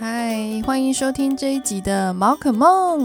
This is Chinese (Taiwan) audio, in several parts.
嗨，Hi, 歡迎收聽這一集的《毛可夢》，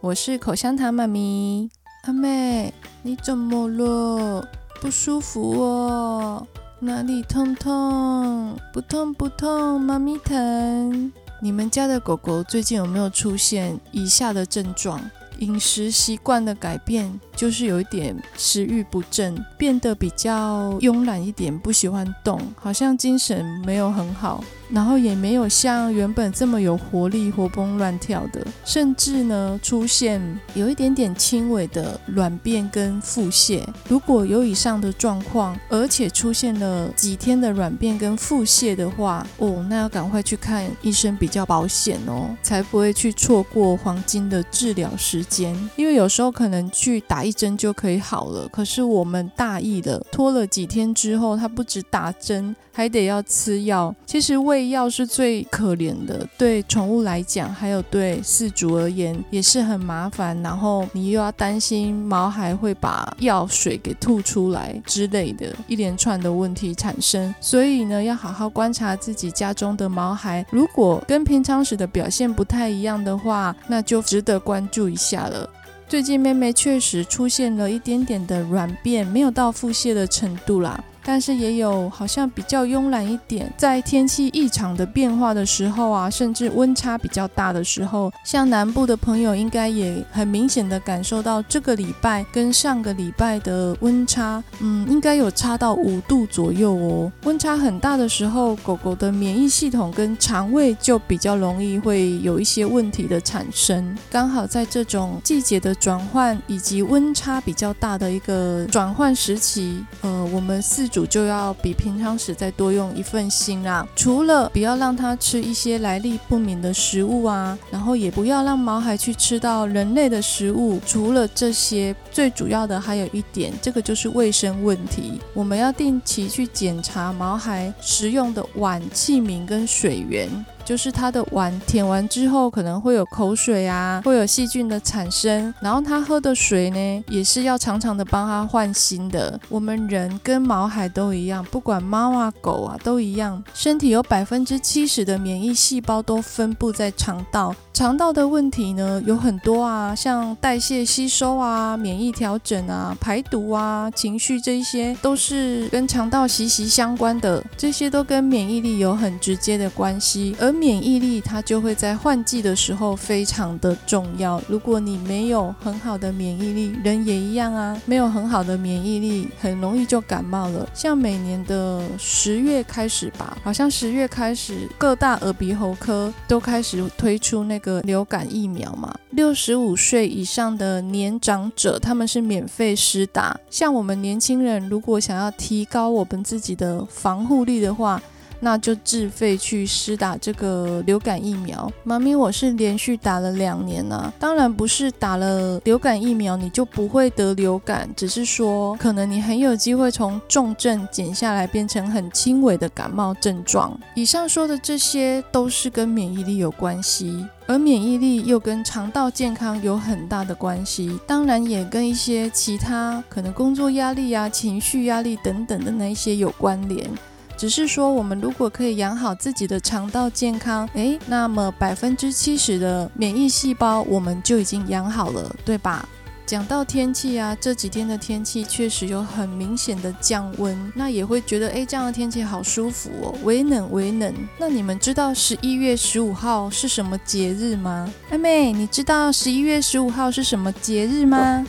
我是口香糖媽咪。阿妹，你怎麼了？不舒服哦，哪裡痛痛？不痛不痛，媽咪疼。你們家的狗狗最近有沒有出現以下的症狀？飲食習慣的改變？就是有一點食欲不振，變得比較慵懶一點，不喜歡動，好像精神沒有很好，然後也沒有像原本這麼有活力、活蹦亂跳的，甚至呢出現有一點點輕微的軟便跟腹瀉。如果有以上的狀況，而且出現了幾天的軟便跟腹瀉的話，哦，那要趕快去看醫生比較保險哦，才不會去錯過黃金的治療時間。因為有時候可能去打。一針就可以好了，可是我們大意了，拖了幾天之後，它不止打針，還得要吃藥。其實餵藥是最可憐的，對寵物來講，還有對飼主而言也是很麻煩。然後你又要擔心毛孩會把藥水給吐出來之類的一連串的問題產生，所以呢，要好好觀察自己家中的毛孩，如果跟平常時的表現不太一樣的話，那就值得關注一下了。最近妹妹確實出現了一點點的軟便，沒有到腹瀉的程度啦。但是也有好像比較慵懶一點，在天氣異常的變化的時候啊，甚至溫差比較大的時候，像南部的朋友應該也很明顯的感受到這個禮拜跟上個禮拜的溫差，嗯，應該有差到五度左右哦。溫差很大的時候，狗狗的免疫系統跟腸胃就比較容易會有一些問題的產生。剛好在這種季節的轉換以及溫差比較大的一個轉換時期，呃，我們四周。就要比平常時再多用一份心啦、啊。除了不要讓它吃一些來歷不明的食物啊，然後也不要讓毛孩去吃到人類的食物。除了這些，最主要的還有一點，這個就是衛生問題。我們要定期去檢查毛孩食用的碗、器皿跟水源。就是它的碗舔完之後可能會有口水啊，會有細菌的產生，然後它喝的水呢也是要常常的幫它換新的。我們人跟毛孩都一樣，不管貓啊狗啊都一樣，身體有百分之七十的免疫細胞都分布在腸道。腸道的問題呢有很多啊，像代謝、吸收啊、免疫調整啊、排毒啊、情緒這一些，都是跟腸道息息相關的。這些都跟免疫力有很直接的關係，而免疫力它就會在換季的時候非常的重要。如果你沒有很好的免疫力，人也一樣啊，沒有很好的免疫力，很容易就感冒了。像每年的十月開始吧，好像十月開始，各大耳鼻喉科都開始推出那個個流感疫苗嘛，六十五歲以上的年長者，他們是免費施打，像我們年輕人，如果想要提高我們自己的防護力的話。那就自費去施打這個流感疫苗。媽咪，我是連續打了兩年啊。當然不是打了流感疫苗你就不會得流感，只是說可能你很有機會從重症減下來，變成很輕微的感冒症狀。以上說的這些都是跟免疫力有關係，而免疫力又跟腸道健康有很大的關係，當然也跟一些其他可能工作壓力啊、情緒壓力等等的那些有關聯。只是說，我們如果可以養好自己的腸道健康，誒，那麼百分之七十的免疫細胞我們就已經養好了，對吧？講到天氣啊，這幾天的天氣確實有很明顯的降溫，那也會覺得，誒，這樣的天氣好舒服哦，微冷微冷。那你們知道十一月十五號是什麼節日嗎？阿妹，你知道十一月十五號是什麼節日嗎？嗯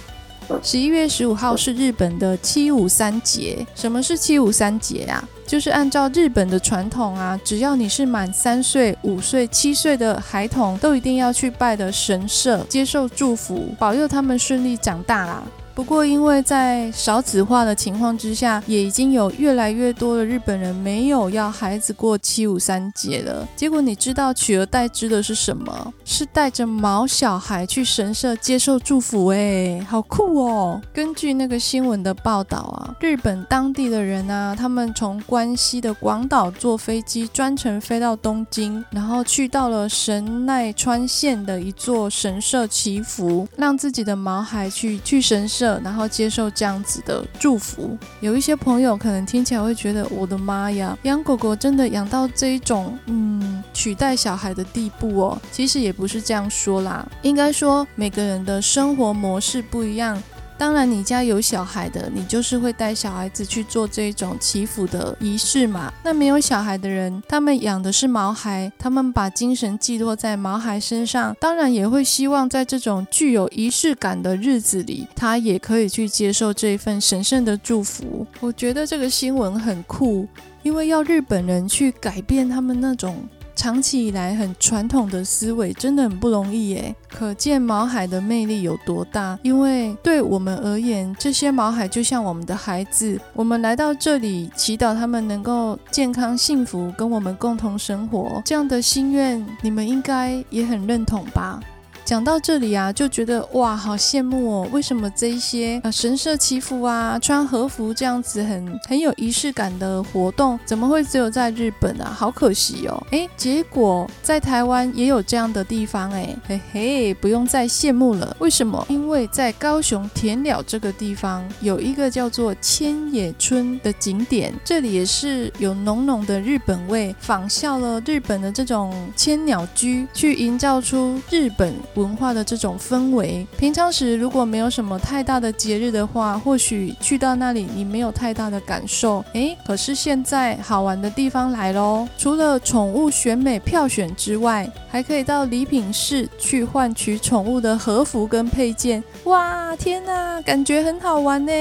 十一月十五號是日本的七五三節。什麼是七五三節啊？就是按照日本的傳統啊，只要你是滿三歲、五歲、七歲的孩童，都一定要去拜的神社，接受祝福，保佑他們順利長大啦、啊。不過，因為在少子化的情況之下，也已經有越來越多的日本人沒有要孩子過七五三節了。結果你知道取而代之的是什麼？是帶着毛小孩去神社接受祝福、欸，哎，好酷哦！根據那個新聞的報道啊，日本當地的人啊，他們從關西的廣島坐飛機專程飛到東京，然後去到了神奈川縣的一座神社祈福，讓自己的毛孩去去神社，然後接受這樣子的祝福，有一些朋友可能聽起來會覺得，我的媽呀，養狗狗真的養到這一種，嗯，取代小孩的地步哦。其實也不是這樣說啦，應該說每個人的生活模式不一樣。當然，你家有小孩的，你就是會帶小孩子去做這種祈福的儀式嘛。那沒有小孩的人，他們養的是毛孩，他們把精神寄托在毛孩身上，當然也會希望在這種具有儀式感的日子裡，他也可以去接受這一份神聖的祝福。我覺得這個新聞很酷，因為要日本人去改變他們那種。長期以來很傳統的思維真的很不容易欸，可見毛孩的魅力有多大。因為對我們而言，這些毛孩就像我們的孩子，我們來到這裡祈禱他們能夠健康幸福，跟我們共同生活。這樣的心願，你們應該也很認同吧。講到這裡啊，就覺得哇，好羨慕哦！為什麼這一些、啊、神社祈福啊、穿和服這樣子很很有儀式感的活動，怎麼會只有在日本啊？好可惜哦！哎，結果在台灣也有這樣的地方哎，嘿嘿，不用再羨慕了。為什麼？因為在高雄田寮這個地方有一個叫做千野村的景點，這裡也是有濃濃的日本味，仿效了日本的這種千鳥居，去營造出日本文化的這種氛圍，平常時如果沒有什麼太大的節日的話，或許去到那裡你沒有太大的感受。誒，可是現在好玩的地方來咯，除了寵物選美票選之外，還可以到禮品室去換取寵物的和服跟配件。哇，天哪，感覺很好玩呢！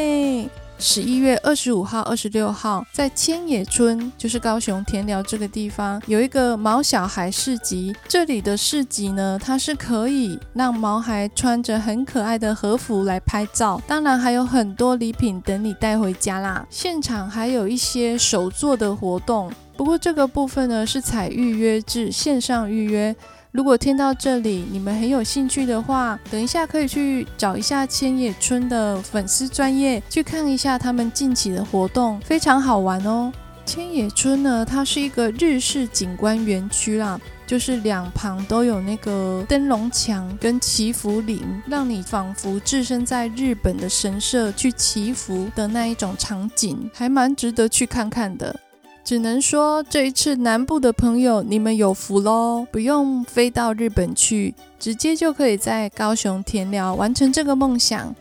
十一月二十五號、二十六號，在千野村，就是高雄田寮這個地方，有一個毛小孩市集。這裡的市集呢，它是可以讓毛孩穿着很可愛的和服來拍照，當然還有很多禮品等你帶回家啦。現場還有一些手作的活動，不過這個部分呢，是採預約制，線上預約。如果聽到這裡，你們很有興趣的話，等一下可以去找一下千野村的粉絲專頁，去看一下他們近期的活動，非常好玩哦。千野村呢，它是一個日式景觀園區啦，就是兩旁都有那個燈籠牆跟祈福林，讓你仿佛置身在日本的神社去祈福的那一種場景，還蠻值得去看看的。只能說這一次南部的朋友，你們有福嘍！不用飛到日本去，直接就可以在高雄田寮完成這個夢想。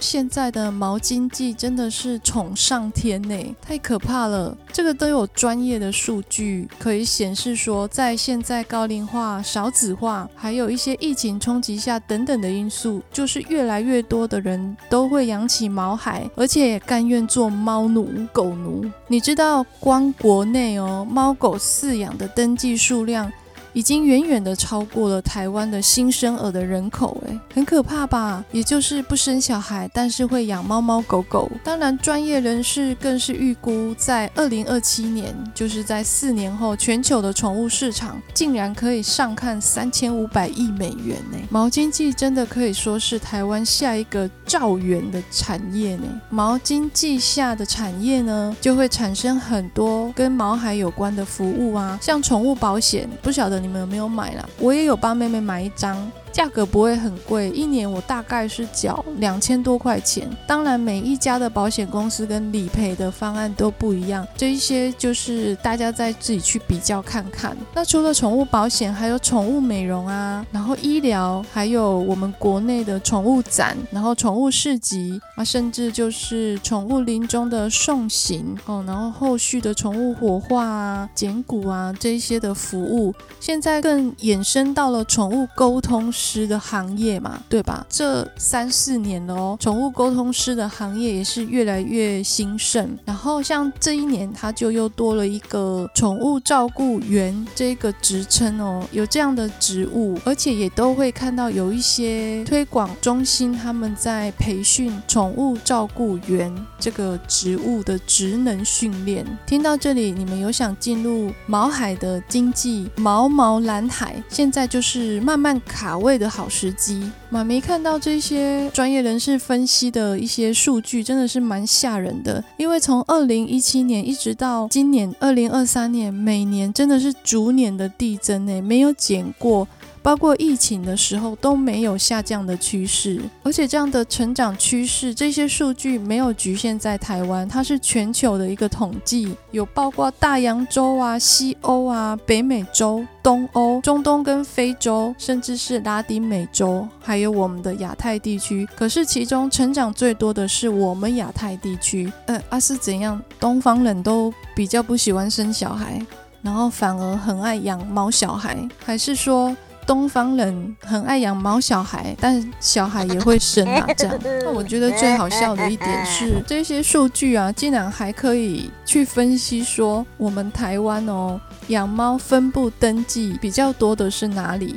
現在的毛經濟真的是寵上天呢，太可怕了。這個都有專業的數據可以顯示，說在現在高齡化、少子化，還有一些疫情衝擊下等等的因素，就是越來越多的人都會養起毛孩，而且也甘願做貓奴、狗奴。你知道，光國內哦，貓狗飼養的登記數量。已經遠遠的超過了台灣的新生兒的人口，哎，很可怕吧？也就是不生小孩，但是會養貓貓狗狗。當然，專業人士更是預估，在二零二七年，就是在四年後，全球的寵物市場竟然可以上看三千五百億美元呢！毛經濟真的可以說是台灣下一個兆元的產業呢。毛經濟下的產業呢，就會產生很多跟毛孩有關的服務啊，像寵物保險，不曉得。你們有沒有買啦？我也有幫妹妹買一張。價格不會很貴，一年我大概是繳兩千多塊錢。當然，每一家的保險公司跟理賠的方案都不一樣，這一些就是大家再自己去比較看看。那除了寵物保險，還有寵物美容啊，然後醫療，還有我們國內的寵物展，然後寵物市集啊，甚至就是寵物臨終的送行哦，然後後續的寵物火化啊、撿骨啊這一些的服務，現在更衍生到了寵物溝通。師的行業嘛，對吧？這三四年咯，寵物溝通師的行業也是越來越興盛。然後像這一年，他就又多了一個寵物照顧員這個職稱哦，有這樣的職務，而且也都會看到有一些推廣中心他們在培訓寵物照顧員這個職務的職能訓練。聽到這裡，你們有想進入毛孩的經濟毛毛藍海？現在就是慢慢卡位。的好時機，媽咪看到這些專業人士分析的一些數據，真的是蠻嚇人的。因為從二零一七年一直到今年二零二三年，每年真的是逐年的遞增呢，沒有減過。包括疫情的時候都沒有下降的趨勢，而且這樣的成長趨勢，這些數據沒有侷限在台灣，它是全球的一個統計，有包括大洋洲啊、西歐啊、北美洲、東歐、中東跟非洲，甚至是拉丁美洲，還有我們的亞太地區。可是其中成長最多的是我們亞太地區。呃，阿、啊、是怎樣？東方人都比較不喜歡生小孩，然後反而很愛養毛小孩，還是說？東方人很愛養貓，小孩，但小孩也會生啊，這樣。那我覺得最好笑的一點是，這些數據啊，竟然還可以去分析說，我們台灣哦，養貓分布登記比較多的是哪裡？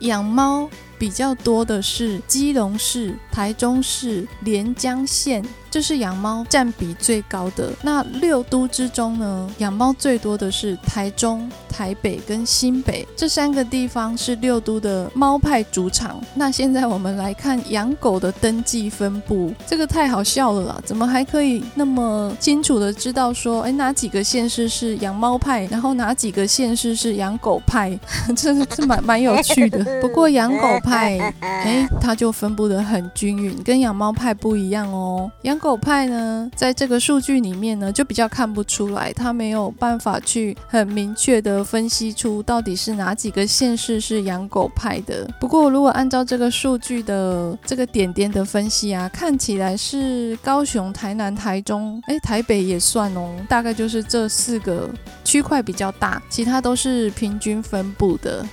養貓比較多的是基隆市、台中市、連江縣。這是養貓占比最高的。那六都之中呢，養貓最多的是台中、台北跟新北，這三個地方是六都的貓派主場。那現在我們來看養狗的登記分布，這個太好笑了啦！怎麼還可以那麼清楚地知道說，誒，哪幾個縣市是養貓派，然後哪幾個縣市是養狗派？呵呵，這是是蠻蠻有趣的。不過養狗派誒，它就分布得很均勻，跟養貓派不一樣哦。狗派呢，在這個數據裡面呢，就比較看不出來，它沒有辦法去很明確的分析出到底是哪幾個縣市是養狗派的。不過，如果按照這個數據的這個點點的分析啊，看起來是高雄、台南、台中，哎、欸，台北也算哦，大概就是這四個區塊比較大，其他都是平均分布的。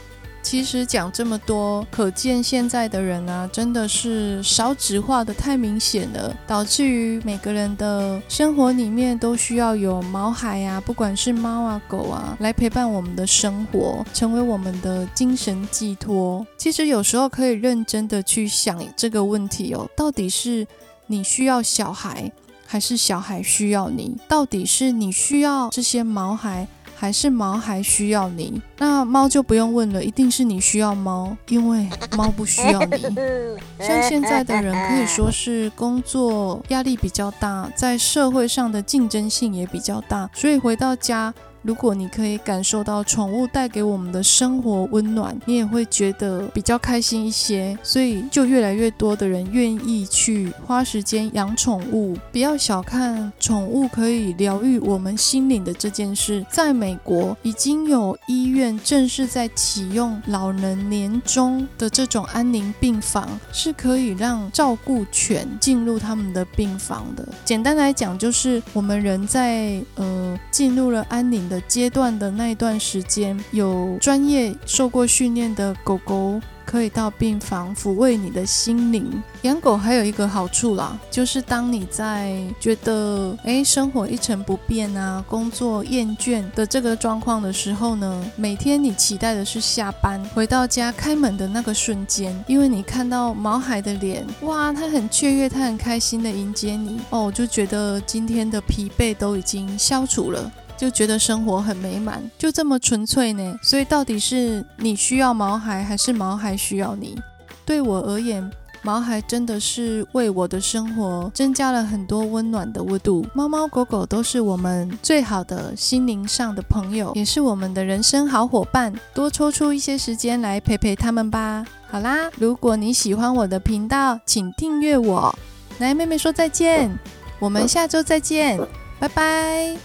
其實講這麼多，可見現在的人啊，真的是少子化的太明顯了，導致於每個人的生活裡面都需要有毛孩啊，不管是貓啊狗啊，來陪伴我們的生活，成為我們的精神寄托。其實有時候可以認真的去想這個問題哦，到底是你需要小孩，還是小孩需要你？到底是你需要這些毛孩？還是貓還需要你，那貓就不用問了，一定是你需要貓，因為貓不需要你。像現在的人可以說是工作壓力比較大，在社會上的競爭性也比較大，所以回到家，如果你可以感受到寵物帶給我們的生活溫暖，你也會覺得比較開心一些，所以就越來越多的人願意去花時間養寵物。不要小看寵物可以療癒我們心靈的這件事。在美國，已經有醫院正式在啟用老人年終的這種安寧病房，是可以讓照顧犬進入他們的病房的。簡單來講，就是我們人在呃進入了安寧的階段的那一段時間，有專業受過訓練的狗狗可以到病房撫慰你的心靈。養狗還有一個好處啦，就是當你在覺得誒生活一成不變啊，工作厭倦的這個狀況的時候呢，每天你期待的是下班回到家開門的那個瞬間，因為你看到毛孩的臉，哇，他很雀躍，他很開心的迎接你哦，就覺得今天的疲憊都已經消除了。就覺得生活很美滿，就這麼純粹呢。所以到底是你需要毛孩，還是毛孩需要你？對我而言，毛孩真的是為我的生活增加了很多溫暖的溫度。貓貓狗狗都是我們最好的心靈上的朋友，也是我們的人生好夥伴。多抽出一些時間來陪陪他們吧。好啦，如果你喜歡我的頻道，請訂閱我。來，妹妹說再見，我們下周再見，拜拜。